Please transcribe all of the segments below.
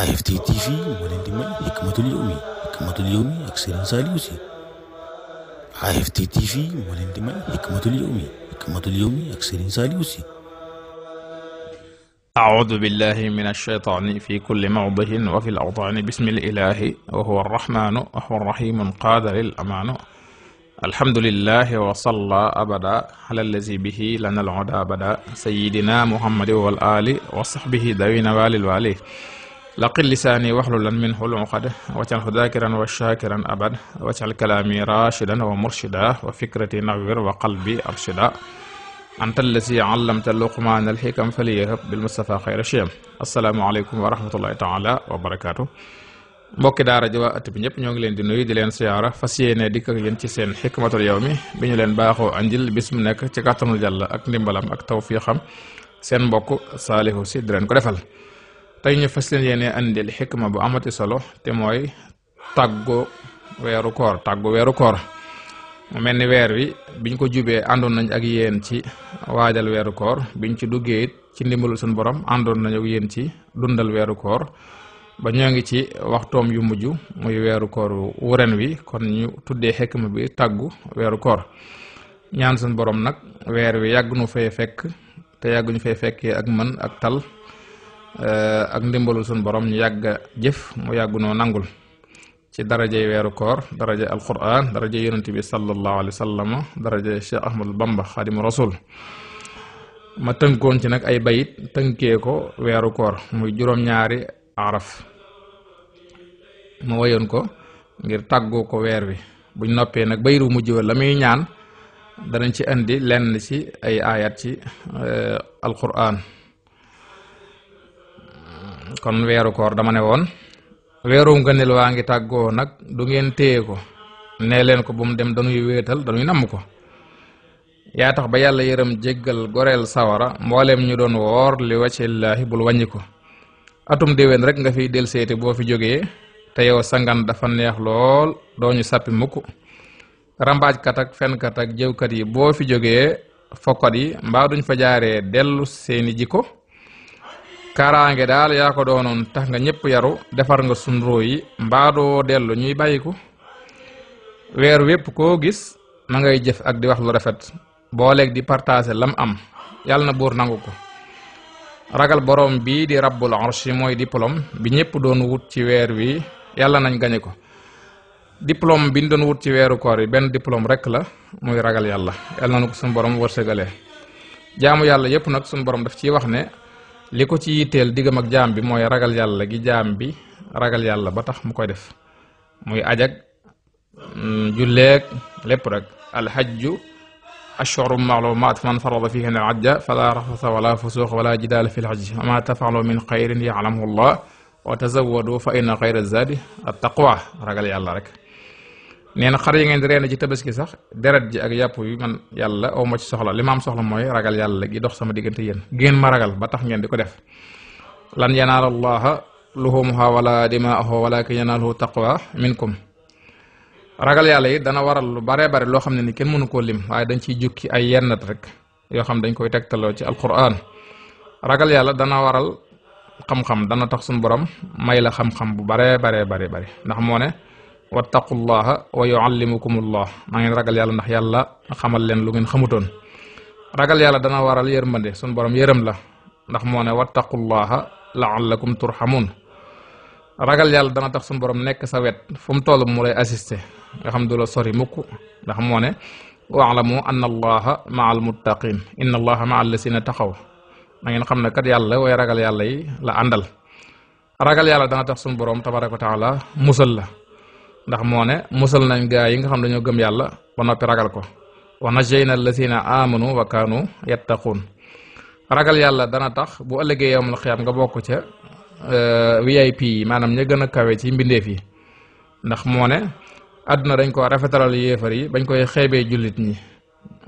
AFT TV moo leen di may Hikmatul Yawmi Hikmatul Yawmi ak Serigne Saliou Sy AFT TV moo leen di may Hikmatul Yawmi Hikmatul Yawmi ak Serigne Saliou Sy أعوذ بالله من الشيطان في كل موضع وفي الأوطان بسم الإله وهو الرحمن وهو الرحيم قادر الأمان الحمد لله وصلى أبدا على الذي به لنا العدا أبدا سيدنا محمد والآل وصحبه ذوي نوال الوالي laqil lisaani lan min xuluqad waccal daakiran wa shaakiran abad waccal kalaami raashidan wa murshida wa fikrati nawir wa qalbi arshida anta allasi allamta luqmaan alxikam faliyahab bil mustafa xayra shiyam assalaamu aleykum wa rahmatullahi taala wa barakaatu mbokki daara ji waa at bi ñëpp ñoo ngi leen di nuyu di leen siyaara fa yéene dikk ak yéen ci seen xikmatul yawmi bi ñu leen baaxoo anjil bis mu nekk ci kàttanul yàlla ak ndimbalam ak tawfiixam seen mbokk saalihu si leen ko defal tey ñu fas leen yéene andil xikma bu amati solo te mooy tàggu weeru koor tàggu weeru koor mu mel ni weer wi biñ ko jubee àndoon nañ ak yéen ci waajal weeru koor biñ ci duggee it ci ndimbalul suñu borom àndoon nañu ak yéen ci dundal weeru koor ba ñoo ngi ci waxtoom yu mujj muy weeru koor wu wi kon ñu tuddee xikma bi tàggu weeru koor ñaan suñu borom nag weer wi yàgg nu fay fekk te yàgg ñu fay fekkee ak mën ak tal Eh, ak ndimbalul suñu borom ñu yàgg jëf mu yàgg noo nangul ci darajey weeru koor daraje alquran daraje yonente bi sallallahu alayhi wa sallam daraje Cheikh Bamba xaadimu rasul ma tënkoon ci nag ay bayit tënkee ko weeru koor muy juróom-ñaari araf ma wayoon ko ngir tàggoo ko weer wi buñ noppee nag bayiru mujj wa la muy ñaan danañ ci indi lenn ci ay ayat ci eh, alquran kon weeru koor dama ne woon weerum ngëneel waa ngi tàggoo nag du ngeen téye ko ne leen ko bu mu dem dañuy weetal dañuy namm ko yaa tax ba yàlla yërëm jéggal goreel sawara mbooleem ñu doon woor li wacillaahi bul wàññi ko atum déwén rek nga fiy del seeti boo fi jógee te yow sangan dafa neex lool doo ñu sàppi mukk rambaajkat ak fenkat ak jëwkat yi boo fi jógee fokkat yi mbaa duñ fa jaaree dellu seeni jikko kaaraange daal yaa ko doonoon tax nga ñëpp yaru defar nga sunroo yi mbaadoo dellu ñuy bàyyiku weer wépp koo gis ma ngay jëf ak di wax lu rafet booleeg di partager lam am yàlla na buur nangu ko ragal boroom bii di rabbul arshi mooy diplôme bi ñëpp doon wut ci weer wi yàlla nañ gañe ko diplôme bi ñu doon wut ci weeru koor yi benn diplôme rekk la muy ragal yàlla yàlla nañu ko suñu borom wërsëgalee jaamu yàlla yëpp nag suñu borom daf ciy wax ne li ko ci yitteel diggam ak jaam bi mooy ragal yàlla gi jaam bi ragal yàlla ba tax mu koy def muy ajag mm, julleeg lépp rek alxajju ashhuru maalumaat man farada fiihinna alhajja fala rafasa wala fusuuq wala jidaala fi lxajji ama tafaalu min xayrin yaalamhu llah wa tazawwadu fa inna xayra zaadi attaqwa ragal yàlla rek nee na xar yi ngeen di reena ci tabaski sax deret ji ak yàpp yi man yàlla aw ma soxla li ma am soxla mooy ragal yàlla gi dox sama diggante yéen ngeen ma ragal ba tax ngeen ko def lan yanaala allaha luhumuha wala dimaahu walakin yanaaluhu taqwa minkum ragal yàlla yi dana waral lu bare bare loo xam ne ni kenn mënu koo lim waaye dañ ciy jukki ay yennat rek yoo xam dañ koy tegtaloo ci alquran ragal yàlla dana waral xam dana tax suñu borom may la xam-xam bu bare bare bare bare ndax moo ne wattaqullaha wa yuallimukumullah na ngeen ragal yàlla ndax yàlla xamal leen lu ngeen xamutoon ragal yàlla dana waral yërmande sun borom yërëm la ndax moo ne wattaqullaha laallakum turhamun ragal yàlla dana tax sun borom nekk sa wet fu mu toll mu lay assisté nga xam du la sori mukk ndax moo ne waalamu anna allaha maa almuttaqin inna allaha maa allasina taxaw na ngeen xam ne kat yàlla way ragal yàlla yi la àndal ragal yàlla dana tax sun borom tabaraka wa taala musal la ndax moo ne musal nañ gaa yi nga xam dañoo gëm yàlla ba noppi ragal ko na la alladina amanu wa kaanu yattaquun ragal yàlla dana tax bu ëllëgee yowmal xiyaam nga bokk ca euh, VIP yi maanaam ña gën a kawe ci mbindeef yi ndax moo ne àdduna dañ ko rafetaral yéefar yi bañ koy xeebee jullit ñi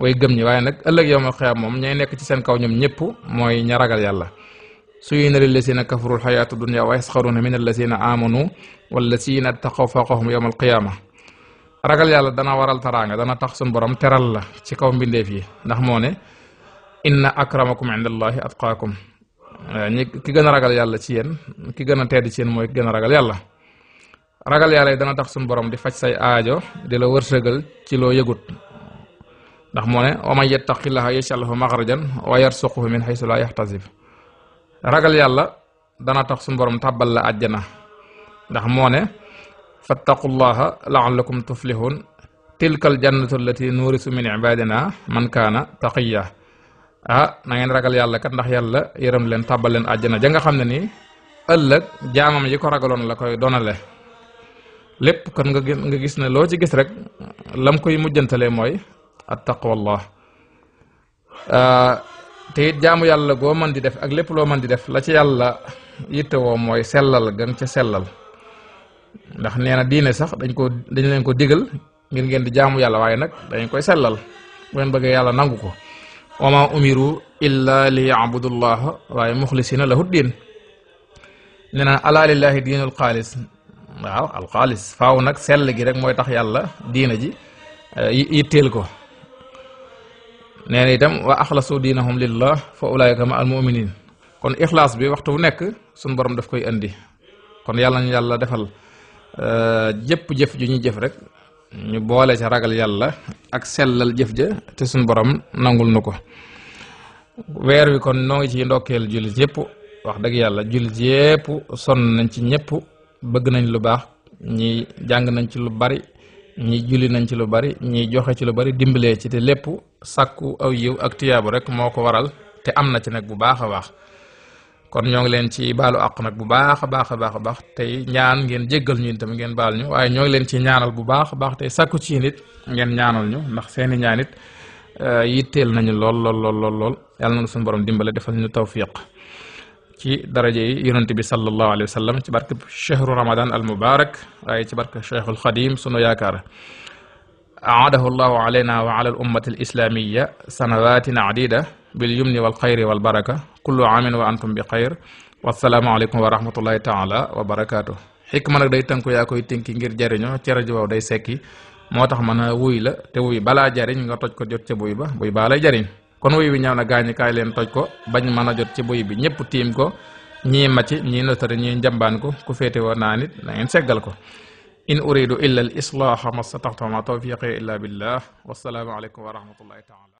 way gëm ñi waaye nag ëllëg yowmal xiyaam moom ñay nekk ci seen kaw ñoom ñëpp mooy ña ragal yàlla zuyina lillazina kafaru alxayaatu dunya wa yasxaruuna min allazina aamanu wallazina taqaw fawqahum yowma alqiyaama ragal yàlla dana waral taraanga dana tax suñ borom teral la ci kaw mbindeef yi ndax moo ne inna akramakum inda allahi atqaakum eh, ki gën a ragal yàlla ci yéen ki gën a tedd ci yéen mooy ki gën a ragal yàlla ragal yàlla yi dana tax suñ borom di faj say aajo di la wërsëgal ci loo yëgut ndax moo ne wa man yattaqillaha yaj'al lahu maxrajan wa min haysu laa yaxtasib ragal yàlla dana tax suñu borom tàbbal la àjjana ndax moo ne fa fattaqullaha laallakum tuflihun tilkal jannatu allati nuurisu min ibadina man kaana taqiya ah na ngeen ragal yàlla kat ndax yàlla yërëm leen tàbbal leen àjjana ja nga xam ne nii ëllëg jaamam yi ko ragaloon la koy donale lépp kon nga gis nga gis ne loo ci gis rek lam koy mujjantale mooy at taqwallah ah, te it jaamu yàlla goo mën di def ak lépp loo mën di def la ci yàlla yittewoo mooy sellal gën ca sellal ndax nee na diine sax dañ ko dañ leen ko digal ngir ngeen di jaamu yàlla waaye nag dañ koy sellal bu leen bëggee yàlla nangu ko wa ma umiru waaye muxlisina na alaa lillahi diinul xaalis waaw alxaalis faaw nag sell gi rek mooy tax yàlla diina ji eh, yitteel ko nee na itam waa axlasu diinahum lillah fa ulaayka ma al muminin kon ixlaas bi waxtu bu nekk suñ borom daf koy indi kon yàlla ñu yàlla defal euh, jëpp jëf ju ñu jëf rek ñu boole ca ragal yàlla ak sellal jëf ja te suñ borom nangul nu ko weer wi kon noo ngi ci ndokkeel jullit yëpp wax dëgg yàlla jullit yëpp sonn nañ ci ñëpp bëgg nañ lu baax ñi jàng nañ ci lu bari ñi julli nañ ci lu bari ñi joxe ci lu bari dimbalee ci te lépp sàkku aw yiw ak tiyaabu rek moo ko waral te am na ci nag bu baax a baax kon ñoo ngi leen ci baalu àq nag bu baax a baax a baax a baax tey ñaan ngeen jéggal ñu tamit ngeen baal ñu waaye ñoo ngi leen ci ñaanal bu baax a baax tey sàkku ci nit ngeen ñaanal ñu ndax seeni ñaan it euh, yitteel nañu lool lool lool lool yàlla na suñu borom dimbale defal ñu tawfiq ci daraja yi yonent bi sallallahu alayhi wa sallam ci barke chehru ramadan al mubarak waaye ci barke cheikhul xadim sunu yaakaar aadahu llahu wa ala al ummati al islamiya sanawatin adida bil yumni wal xayri wal baraka kullu amin wa antum bi xayr wasalaamu aleykum wa rahmatullahi taala wa barakaatu xikma day tanku yaa koy ngir jariñoo ci rajo waaw day sekki moo tax mën a wuy la te wuy balaa jariñ nga toj ko jot ca buy ba buy baa jariñ kon wuy wi ñëw na gaañi leen toj ko bañ mën a jot ci buy bi ñëpp tiim ko ñii macc ñii notari ñii njambaan ko ku féete woo naa nit na ngeen seggal ko in uridu illa al islaaha ma a tawfiqi illa billah wasalaamu aleykum wa rahmatullahi taala